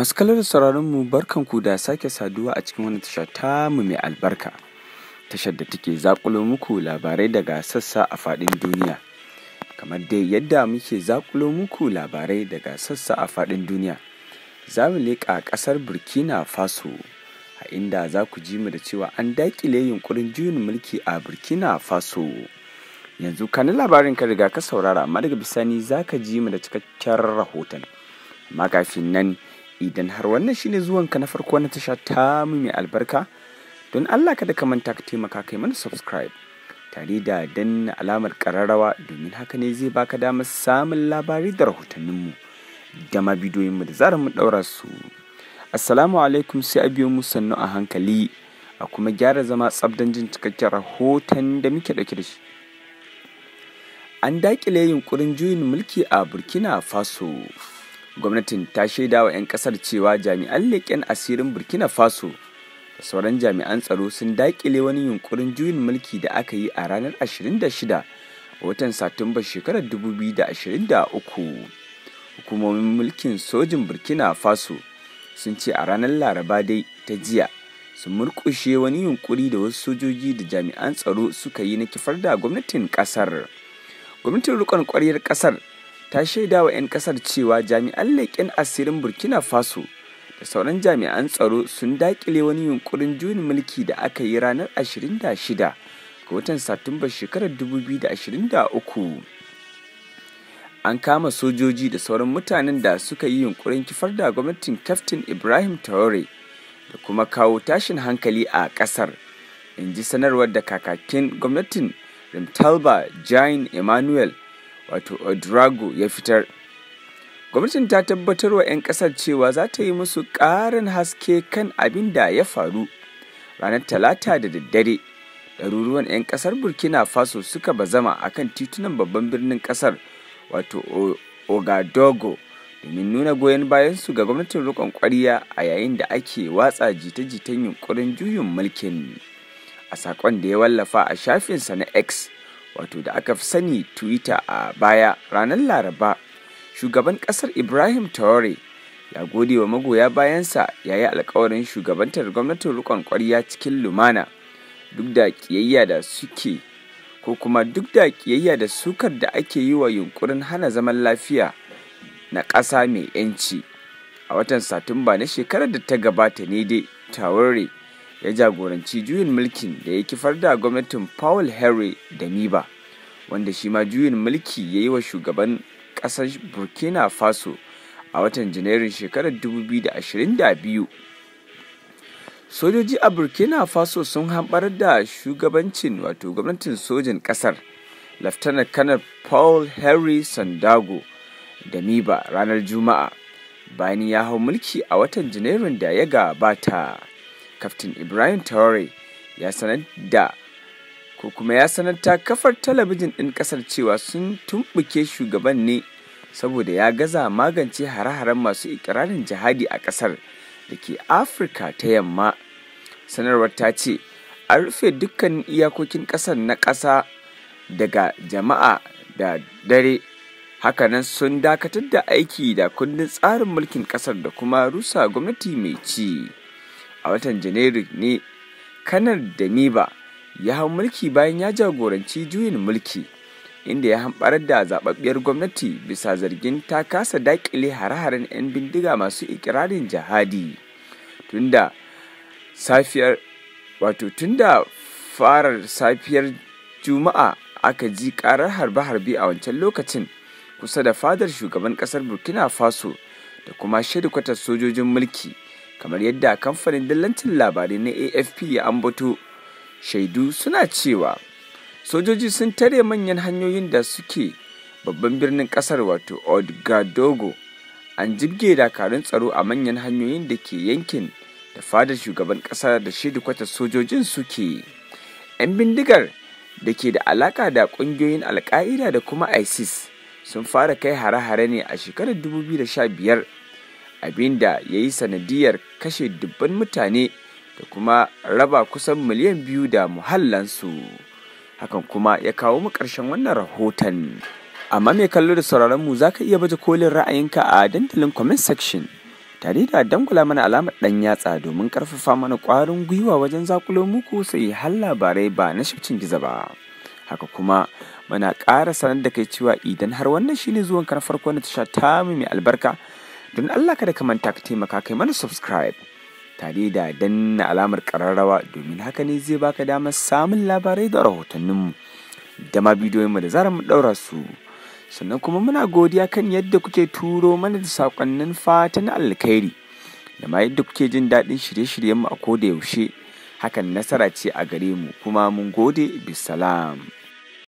Masu kalar sauraron mu barkan ku da sake saduwa a cikin wani tasha tamu mai albarka. Tashar da take zakulo muku labarai daga sassa a fadin duniya. Kamar dai yadda muke zakulo muku labarai daga sassa a fadin duniya. Za mu leƙa ƙasar Burkina Faso a inda za ku ji mu da cewa an daƙile yunkurin juyin mulki a Burkina Faso. Yanzu kanin labarin ka riga ka saurara ma daga bisani za ka ji mu da cikakken rahoton. makafin nan idan har wannan shine zuwan ka na farko na tasha ta mu mai albarka don Allah kada ka manta ka taimaka kai mana subscribe tare da danna alamar kararrawa domin haka ne zai baka damar samun labari da rahotanninmu da ma bidiyoyinmu da zara mu daura su assalamu alaikum sai a biyo mu sannu a hankali a kuma gyara zama tsabdan jin cikakken rahoton da muke dauke da shi an dakile yunkurin juyin mulki a burkina faso gwamnatin ta shaida wa 'yan kasar cewa jami'an leƙen asirin burkina faso da sauran jami'an tsaro sun daƙile wani yunkurin juyin mulki da aka yi a ranar 26 a watan satumba shekarar 2023 hukumomin mulkin sojin burkina faso sun ce a ranar laraba dai ta jiya sun murƙushe wani yunkuri da wasu sojoji da jami'an tsaro suka yi na kifar da gwamnatin ƙasar gwamnatin rikon ƙwaryar ƙasar ta shaida wa 'yan kasar cewa jami'an leƙen asirin burkina faso da sauran jami'an tsaro sun daƙile wani yunkurin juyin mulki da aka yi ranar 26 ga watan satumba shekarar 2023 an kama sojoji da sauran mutanen da suka yi yunkurin kifar da gwamnatin kaftin ibrahim traore da kuma kawo tashin hankali a ƙasar in ji sanarwar da kakakin gwamnatin rimtalba jain emmanuel wato odrago ya fitar gwamnatin ta tabbatar wa 'yan kasar cewa za ta yi musu ƙaran haske kan abin da ya faru ranar talata da daddare ɗaruruwan 'yan kasar burkina faso suka bazama kan titunan babban birnin kasar wato ogadogo domin nuna goyon bayansu ga gwamnatin rikon kwariya a yayin da ake watsa jita-jitan yunkurin juyin mulkin a saƙon da ya wallafa a shafinsa na x wato da aka fi sani twitter a baya ranar laraba shugaban ƙasar ibrahim Traore ya gode wa magoya bayansa ya yi alkawarin shugabantar gwamnatin rikon kwarya cikin lumana duk da kiyayya da suke ko kuma duk da kiyayya da sukar da ake yi wa yunkurin hana zaman lafiya na ƙasa mai 'yanci a watan satumba na shekarar da ta gabata ne dai Traore ya jagoranci juyin mulkin da ya kifar da gwamnatin paul henry da miba wanda shi ma juyin mulki ya yi wa shugaban ƙasar burkina faso a watan janairun shekarar 2022 sojoji a burkina faso sun hambar da shugabancin wato gwamnatin sojin ƙasar laftanar kanar paul henry sandago da miba ranar juma'a bayan ya hau mulki a watan janairun da ya gabata kaftin ibrahim traore ya sanar da ko kuma ya sanar ta kafar talabijin ɗin ƙasar cewa sun tumɓuke shugaban ne saboda ya gaza magance hare-haren masu ikirarin jihadi a ƙasar da ke afirka ta yamma sanarwar ta ce an rufe dukkan iyakokin ƙasar na ƙasa daga jama'a da dare hakanan sun dakatar da aiki da kundin tsarin mulkin ƙasar da kuma rusa gwamnati mai ci. a watan janairu ne kanar da miba ya hau mulki bayan ya jagoranci juyin mulki inda ya hamɓarar da zababbiyar gwamnati bisa zargin ta kasa daƙile hare-haren 'yan bindiga masu ikirarin jihadi tunda safiyar wato tunda farar safiyar juma'a aka ji karar harbe-harbe a wancan lokacin kusa da fadar shugaban kasar burkina faso da kuma kwatar sojojin mulki kamar yadda kamfanin dillancin labarai na afp ya ambato shaidu suna cewa sojoji sun tare manyan hanyoyin da suke babban birnin kasar wato odgadogo an jibge dakarun tsaro a manyan hanyoyin da ke yankin da fadar shugaban kasa da kwata sojojin suke 'yan bindigar da ke da alaka da kungiyoyin alka'ida da kuma isis sun fara kai hare-hare ne a shekarar 2015 abinda ya yi sanadiyar kashe dubban mutane da kuma raba kusan miliyan biyu da muhallansu hakan kuma ya kawo mu ƙarshen wannan rahoton amma mai kallo da sauraron mu zaka iya baje kolin ra'ayinka a dandalin comment section tare da dangula mana alamar dan yatsa domin karfafa mana kwarin gwiwa wajen zakulo muku sai har labarai ba na shafcin giza ba haka kuma muna ƙara sanar da kai cewa idan har wannan shine zuwan na farko na tasha ta mai albarka don Allah kada ka manta ka taimaka kai mana subscribe tare da danna alamar kararrawa domin haka ne zai baka damar samun labarai da rahotanninmu da ma bidiyoyinmu da zarar mu ɗaura su sannan kuma muna godiya kan yadda kuke turo mana da saƙonnin fatan alkhairi da ma yadda kuke jin daɗin shirye-shiryenmu a ko da yaushe hakan nasara ce a gare mu kuma mun gode bisalam.